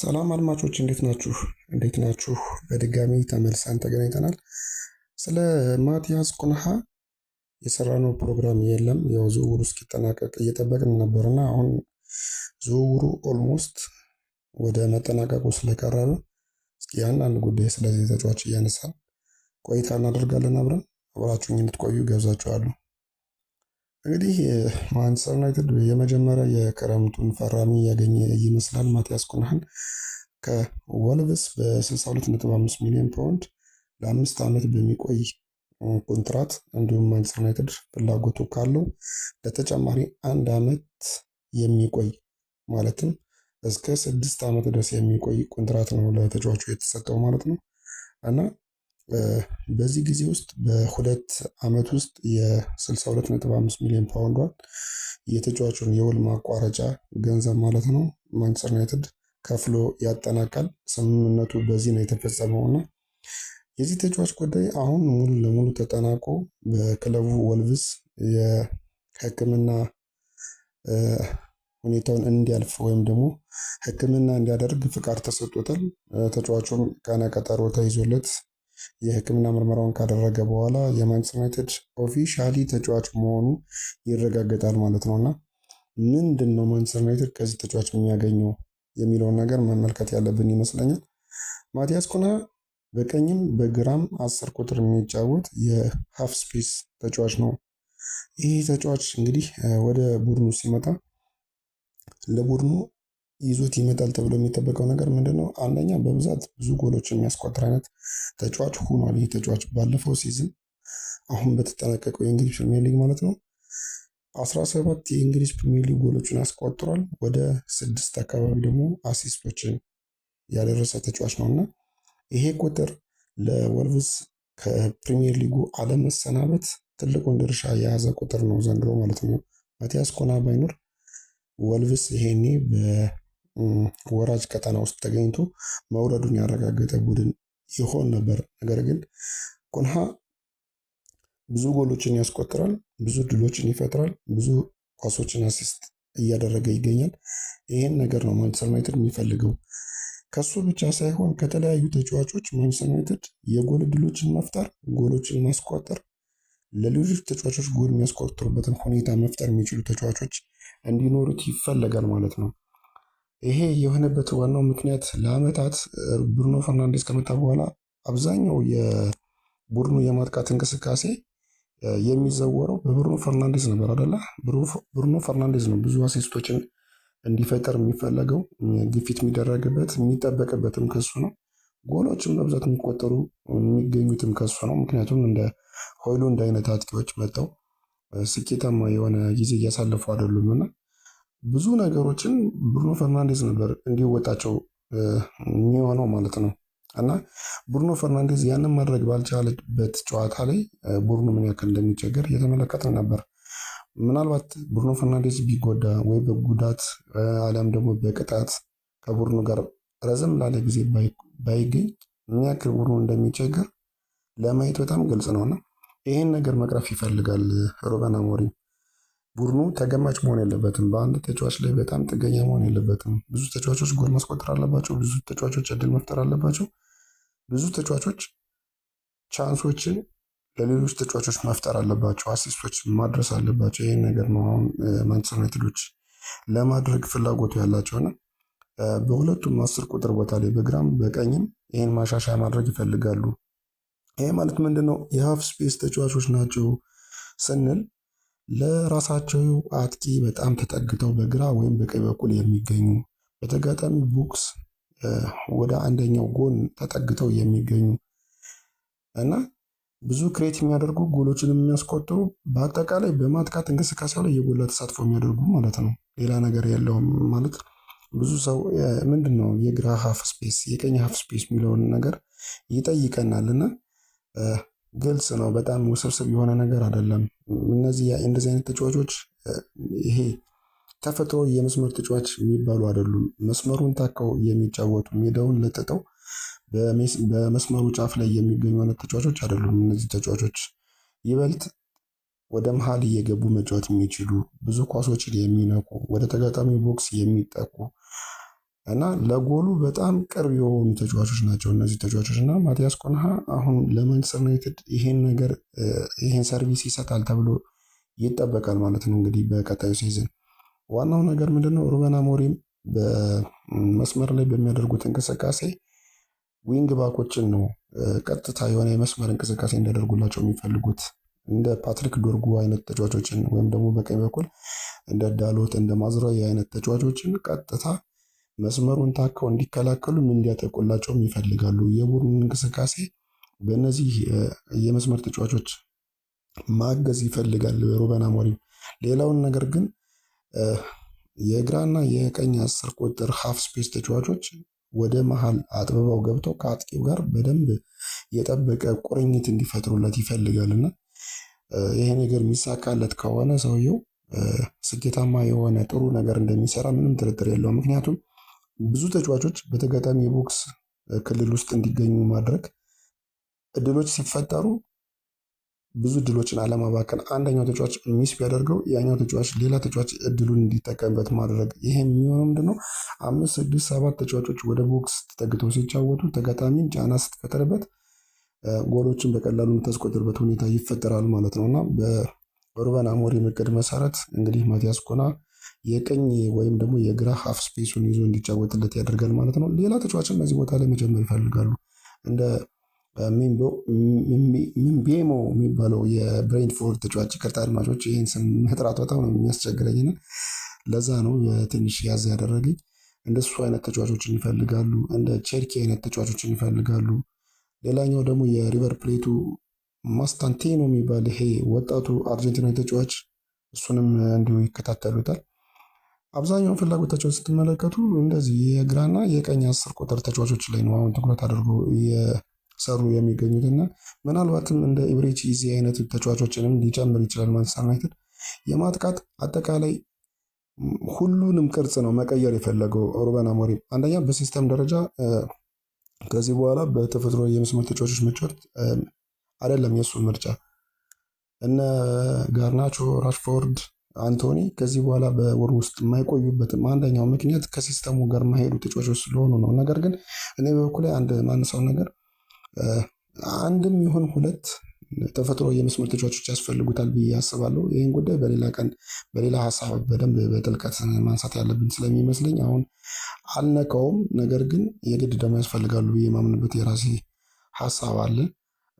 ሰላም አድማጮች እንዴት ናችሁ? እንዴት ናችሁ? በድጋሚ ተመልሰን ተገናኝተናል። ስለ ማቲያስ ኩንሃ የሰራነው ፕሮግራም የለም። ያው ዝውውሩ እስኪጠናቀቅ እየጠበቅን ነበርና አሁን ዝውውሩ ኦልሞስት ወደ መጠናቀቁ ስለቀረበ እስኪ አንድ ጉዳይ ስለዚህ ተጫዋች እያነሳን ቆይታ እናደርጋለን። አብረን አብራችሁኝ እንድትቆዩ ገብዛችኋለሁ። እንግዲህ ማንችስተር ዩናይትድ የመጀመሪያ የክረምቱን ፈራሚ ያገኘ ይመስላል። ማቲያስ ኩንሃን ከወልቭስ በ62.5 ሚሊዮን ፓውንድ ለአምስት ዓመት በሚቆይ ኮንትራት እንዲሁም ማንችስተር ዩናይትድ ፍላጎቱ ካለው ለተጨማሪ አንድ ዓመት የሚቆይ ማለትም እስከ ስድስት ዓመት ድረስ የሚቆይ ኮንትራት ነው ለተጫዋቹ የተሰጠው ማለት ነው እና በዚህ ጊዜ ውስጥ በሁለት ዓመት ውስጥ የ62.5 ሚሊዮን ፓውንዷን የተጫዋቹን የውል ማቋረጫ ገንዘብ ማለት ነው ማንቸስተር ዩናይትድ ከፍሎ ያጠናቃል። ስምምነቱ በዚህ ነው የተፈጸመው እና የዚህ ተጫዋች ጉዳይ አሁን ሙሉ ለሙሉ ተጠናቆ በክለቡ ወልቭስ የሕክምና ሁኔታውን እንዲያልፍ ወይም ደግሞ ሕክምና እንዲያደርግ ፍቃድ ተሰጥቶታል። ተጫዋቹም ቀነ ቀጠሮ ተይዞለት የሕክምና ምርመራውን ካደረገ በኋላ የማንቸስተር ዩናይትድ ኦፊሻሊ ተጫዋች መሆኑ ይረጋገጣል ማለት ነው እና ምንድን ነው ማንቸስተር ዩናይትድ ከዚህ ተጫዋች የሚያገኘው የሚለውን ነገር መመልከት ያለብን ይመስለኛል። ማቲያስ ኩና በቀኝም በግራም አስር ቁጥር የሚጫወት የሀፍ ስፔስ ተጫዋች ነው። ይህ ተጫዋች እንግዲህ ወደ ቡድኑ ሲመጣ ለቡድኑ ይዞት ይመጣል ተብሎ የሚጠበቀው ነገር ምንድን ነው? አንደኛ በብዛት ብዙ ጎሎች የሚያስቆጥር አይነት ተጫዋች ሆኗል። ይህ ተጫዋች ባለፈው ሲዝን አሁን በተጠናቀቀው የእንግሊዝ ፕሪሚየር ሊግ ማለት ነው ሰባት የእንግሊዝ ፕሪሚየር ሊግ ጎሎችን አስቆጥሯል። ወደ ስድስት አካባቢ ደግሞ አሲስቶችን ያደረሰ ተጫዋች ነው እና ይሄ ቁጥር ለወልቭስ ከፕሪሚየር ሊጉ አለመሰናበት ትልቁን ድርሻ የያዘ ቁጥር ነው ዘንድሮ ማለት ነው። ማቲያስ ኮና ባይኖር ወልቭስ ይሄኔ ወራጅ ቀጠና ውስጥ ተገኝቶ መውረዱን ያረጋገጠ ቡድን ይሆን ነበር። ነገር ግን ኮንሃ ብዙ ጎሎችን ያስቆጥራል፣ ብዙ ድሎችን ይፈጥራል፣ ብዙ ኳሶችን አሲስት እያደረገ ይገኛል። ይህን ነገር ነው ማንቸስተር ዩናይትድ የሚፈልገው። ከሱ ብቻ ሳይሆን ከተለያዩ ተጫዋቾች ማንቸስተር ዩናይትድ የጎል እድሎችን መፍጠር፣ ጎሎችን ማስቆጠር፣ ለሌሎች ተጫዋቾች ጎል የሚያስቆጥሩበትን ሁኔታ መፍጠር የሚችሉ ተጫዋቾች እንዲኖሩት ይፈለጋል ማለት ነው። ይሄ የሆነበት ዋናው ምክንያት ለአመታት ብሩኖ ፈርናንዴስ ከመጣ በኋላ አብዛኛው የቡድኑ የማጥቃት እንቅስቃሴ የሚዘወረው በብሩኖ ፈርናንዴዝ ነበር አደለ? ብሩኖ ፈርናንዴዝ ነው ብዙ አሲስቶችን እንዲፈጠር የሚፈለገው ግፊት የሚደረግበት የሚጠበቅበትም ከሱ ነው። ጎሎችም በብዛት የሚቆጠሩ የሚገኙትም ከሱ ነው። ምክንያቱም እንደ ሆይሉንድ አይነት አጥቂዎች መጥተው ስኬታማ የሆነ ጊዜ እያሳለፉ አይደሉም እና ብዙ ነገሮችን ብሩኖ ፈርናንዴዝ ነበር እንዲወጣቸው የሚሆነው ማለት ነው። እና ብሩኖ ፈርናንዴዝ ያንን ማድረግ ባልቻለበት ጨዋታ ላይ ቡድኑ ምን ያክል እንደሚቸገር እየተመለከትን ነበር። ምናልባት ብሩኖ ፈርናንዴዝ ቢጎዳ ወይ በጉዳት አሊያም ደግሞ በቅጣት ከቡድኑ ጋር ረዘም ላለ ጊዜ ባይገኝ ምን ያክል ቡድኑ እንደሚቸገር ለማየት በጣም ግልጽ ነውና ይህን ነገር መቅረፍ ይፈልጋል ሩበን አሞሪም። ቡድኑ ተገማች መሆን የለበትም። በአንድ ተጫዋች ላይ በጣም ጥገኛ መሆን የለበትም። ብዙ ተጫዋቾች ጎል ማስቆጠር አለባቸው። ብዙ ተጫዋቾች እድል መፍጠር አለባቸው። ብዙ ተጫዋቾች ቻንሶችን ለሌሎች ተጫዋቾች መፍጠር አለባቸው። አሲስቶች ማድረስ አለባቸው። ይህን ነገር ነው አሁን ማንቸስተር ዩናይትዶች ለማድረግ ፍላጎቱ ያላቸውና በሁለቱም አስር ቁጥር ቦታ ላይ በግራም በቀኝም ይህን ማሻሻያ ማድረግ ይፈልጋሉ። ይህ ማለት ምንድን ነው? የሀፍ ስፔስ ተጫዋቾች ናቸው ስንል ለራሳቸው አጥቂ በጣም ተጠግተው በግራ ወይም በቀኝ በኩል የሚገኙ በተጋጣሚ ቦክስ ወደ አንደኛው ጎን ተጠግተው የሚገኙ እና ብዙ ክሬት የሚያደርጉ ጎሎችን የሚያስቆጥሩ በአጠቃላይ በማጥቃት እንቅስቃሴው ላይ የጎላ ተሳትፎ የሚያደርጉ ማለት ነው። ሌላ ነገር የለውም ማለት ብዙ ሰው ምንድን ነው የግራ ሀፍ ስፔስ የቀኝ ሀፍ ስፔስ የሚለውን ነገር ይጠይቀናል እና ግልጽ ነው። በጣም ውስብስብ የሆነ ነገር አይደለም። እነዚህ እንደዚህ አይነት ተጫዋቾች ይሄ ተፈጥሮ የመስመር ተጫዋች የሚባሉ አይደሉም። መስመሩን ታከው የሚጫወቱ ሜዳውን ለጥጠው በመስመሩ ጫፍ ላይ የሚገኙ አይነት ተጫዋቾች አይደሉም። እነዚህ ተጫዋቾች ይበልጥ ወደ መሀል እየገቡ መጫወት የሚችሉ ብዙ ኳሶችን የሚነኩ፣ ወደ ተጋጣሚ ቦክስ የሚጠቁ እና ለጎሉ በጣም ቅርብ የሆኑ ተጫዋቾች ናቸው እነዚህ ተጫዋቾች እና ማቲያስ ኮንሃ አሁን ለማንቸስተር ዩናይትድ ይሄን ነገር ይሄን ሰርቪስ ይሰጣል ተብሎ ይጠበቃል ማለት ነው። እንግዲህ በቀጣዩ ሲዝን ዋናው ነገር ምንድነው? ሩበን አሞሪም በመስመር ላይ በሚያደርጉት እንቅስቃሴ ዊንግ ባኮችን ነው ቀጥታ የሆነ የመስመር እንቅስቃሴ እንዲያደርጉላቸው የሚፈልጉት እንደ ፓትሪክ ዶርጉ አይነት ተጫዋቾችን ወይም ደግሞ በቀኝ በኩል እንደ ዳሎት እንደ ማዝራዊ አይነት ተጫዋቾችን ቀጥታ መስመሩን ታከው እንዲከላከሉም እንዲያጠቁላቸውም ይፈልጋሉ። የቡድኑ እንቅስቃሴ በእነዚህ የመስመር ተጫዋቾች ማገዝ ይፈልጋል ሩበን አሞሪም። ሌላውን ነገር ግን የግራና የቀኝ አስር ቁጥር ሀፍ ስፔስ ተጫዋቾች ወደ መሀል አጥብበው ገብተው ከአጥቂው ጋር በደንብ የጠበቀ ቁርኝት እንዲፈጥሩለት እና ይሄ ነገር የሚሳካለት ከሆነ ሰውየው ስኬታማ የሆነ ጥሩ ነገር እንደሚሰራ ምንም ጥርጥር የለው። ምክንያቱም ብዙ ተጫዋቾች በተጋጣሚ የቦክስ ክልል ውስጥ እንዲገኙ ማድረግ እድሎች ሲፈጠሩ ብዙ እድሎችን አለማባከን፣ አንደኛው ተጫዋች ሚስ ቢያደርገው ያኛው ተጫዋች ሌላ ተጫዋች እድሉን እንዲጠቀምበት ማድረግ። ይሄ የሚሆነው ነው? አምስት ስድስት ሰባት ተጫዋቾች ወደ ቦክስ ተጠግተው ሲጫወቱ ተጋጣሚን ጫና ስትፈጥርበት ጎሎችን በቀላሉ የምታስቆጥርበት ሁኔታ ይፈጠራል ማለት ነው እና በሩበን አሞሪም እቅድ መሰረት እንግዲህ ማቲያስ ኩና የቀኝ ወይም ደግሞ የግራ ሀፍ ስፔሱን ይዞ እንዲጫወትለት ያደርጋል ማለት ነው። ሌላ ተጫዋችም በዚህ ቦታ ላይ መጀመር ይፈልጋሉ። እንደ ሚምቤሞ የሚባለው የብሬንትፎርድ ተጫዋች ይቅርታ አድማጮች፣ ይህን ስም መጥራት በጣም ነው የሚያስቸግረኝና ለዛ ነው ትንሽ ያዝ ያደረገኝ። እንደሱ አይነት ተጫዋቾችን ይፈልጋሉ። እንደ ቼርኪ አይነት ተጫዋቾችን ይፈልጋሉ። ሌላኛው ደግሞ የሪቨር ፕሌቱ ማስታንቴኖ የሚባል ይሄ ወጣቱ አርጀንቲናዊ ተጫዋች እሱንም እንዲሁ ይከታተሉታል። አብዛኛውን ፍላጎታቸውን ስትመለከቱ እንደዚህ የግራና የቀኝ አስር ቁጥር ተጫዋቾች ላይ ነው አሁን ትኩረት አድርጎ እየሰሩ የሚገኙት እና ምናልባትም እንደ ኢብሬች ኢዚ አይነት ተጫዋቾችንም ሊጨምር ይችላል ማንችስተር ዩናይትድ። የማጥቃት አጠቃላይ ሁሉንም ቅርጽ ነው መቀየር የፈለገው ሩበን አሞሪም። አንደኛ በሲስተም ደረጃ ከዚህ በኋላ በተፈጥሮ የመስመር ተጫዋቾች መጫወት አይደለም የእሱ ምርጫ እነ ጋርናቾ፣ ራሽፎርድ አንቶኒ ከዚህ በኋላ በወር ውስጥ የማይቆዩበትም አንደኛው ምክንያት ከሲስተሙ ጋር ማሄዱ ተጫዋቾች ስለሆኑ ነው። ነገር ግን እኔ በበኩል አንድ ማንሳው ነገር አንድም ይሁን ሁለት ተፈጥሮ የመስመር ተጫዋቾች ያስፈልጉታል ብዬ አስባለሁ። ይህን ጉዳይ በሌላ ቀን በሌላ ሀሳብ በደንብ በጥልቀት ማንሳት ያለብን ስለሚመስለኝ አሁን አልነቀውም። ነገር ግን የግድ ደግሞ ያስፈልጋሉ ብዬ የማምንበት የራሴ ሀሳብ አለ።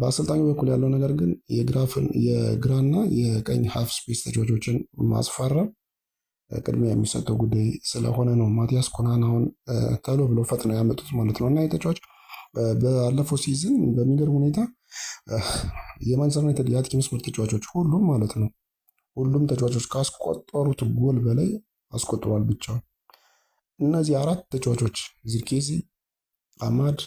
በአሰልጣኙ በኩል ያለው ነገር ግን የግራፍን የግራና የቀኝ ሀፍ ስፔስ ተጫዋቾችን ማስፈረም ቅድሚያ የሚሰጠው ጉዳይ ስለሆነ ነው። ማቲያስ ኩናን አሁን ተሎ ብሎ ፈጥነው ያመጡት ማለት ነው እና የተጫዋች ባለፈው ሲዝን በሚገርም ሁኔታ የማንቸስተር ዩናይትድ የአጥቂ መስመር ተጫዋቾች ሁሉም ማለት ነው ሁሉም ተጫዋቾች ካስቆጠሩት ጎል በላይ አስቆጥሯል ብቻውን። እነዚህ አራት ተጫዋቾች ዚርኬዚ፣ አማድ፣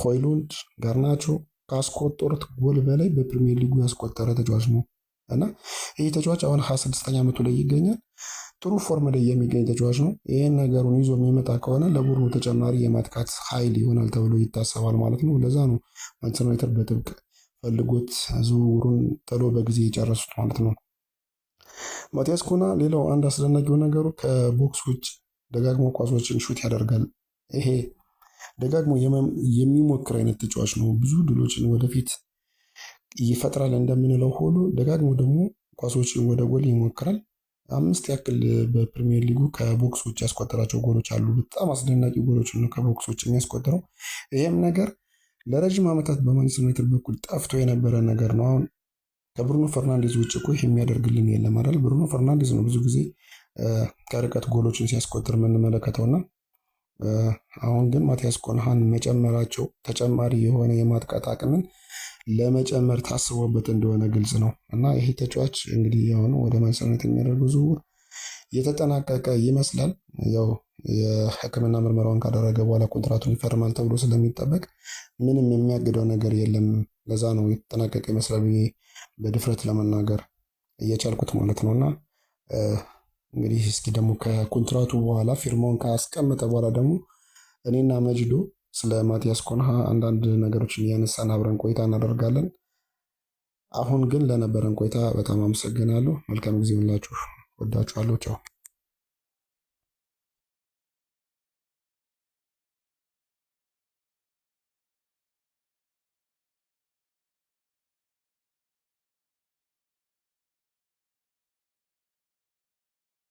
ሆይሉንድ፣ ጋርናቾ ካስቆጠሩት ጎል በላይ በፕሪሚየር ሊጉ ያስቆጠረ ተጫዋች ነው እና ይህ ተጫዋች አሁን 26 ዓመቱ ላይ ይገኛል። ጥሩ ፎርም ላይ የሚገኝ ተጫዋች ነው። ይህን ነገሩን ይዞ የሚመጣ ከሆነ ለቡድኑ ተጨማሪ የማጥቃት ኃይል ይሆናል ተብሎ ይታሰባል ማለት ነው። ለዛ ነው ማንቸስተር ዩናይትድ በጥብቅ ፈልጎት ዝውውሩን ጥሎ በጊዜ የጨረሱት ማለት ነው። ማቲያስ ኩና ሌላው አንድ አስደናቂው ነገሩ ከቦክስ ውጭ ደጋግሞ ኳሶችን ሹት ያደርጋል። ይሄ ደጋግሞ የሚሞክር አይነት ተጫዋች ነው። ብዙ ድሎችን ወደፊት ይፈጥራል እንደምንለው ሁሉ ደጋግሞ ደግሞ ኳሶችን ወደ ጎል ይሞክራል። አምስት ያክል በፕሪሚየር ሊጉ ከቦክስ ውጭ ያስቆጠራቸው ጎሎች አሉ። በጣም አስደናቂ ጎሎች ነው ከቦክስ ውጭ ይህም ነገር ለረዥም ዓመታት በማንቸስተር ዩናይትድ በኩል ጠፍቶ የነበረ ነገር ነው። አሁን ከብሩኖ ፈርናንዴዝ ውጭ እኮ የሚያደርግልን የለም አይደል? ብሩኖ ፈርናንዴዝ ነው ብዙ ጊዜ ከርቀት ጎሎችን ሲያስቆጥር የምንመለከተውና አሁን ግን ማቲያስ ኮንሃን መጨመራቸው ተጨማሪ የሆነ የማጥቃት አቅምን ለመጨመር ታስቦበት እንደሆነ ግልጽ ነው እና ይህ ተጫዋች እንግዲህ የሆኑ ወደ ማንሰነት የሚያደርጉ ዝውውር የተጠናቀቀ ይመስላል። ያው የሕክምና ምርመራውን ካደረገ በኋላ ኮንትራቱን ይፈርማል ተብሎ ስለሚጠበቅ ምንም የሚያግደው ነገር የለም። ለዛ ነው የተጠናቀቀ ይመስላል ብዬ በድፍረት ለመናገር እየቻልኩት ማለት ነው እና እንግዲህ እስኪ ደግሞ ከኮንትራቱ በኋላ ፊርማውን ካስቀመጠ በኋላ ደግሞ እኔና መጅዶ ስለ ማቲያስ ኮንሃ አንዳንድ ነገሮችን እያነሳን አብረን ቆይታ እናደርጋለን። አሁን ግን ለነበረን ቆይታ በጣም አመሰግናለሁ። መልካም ጊዜ ይሁንላችሁ። ወዳችኋለሁ። ቻው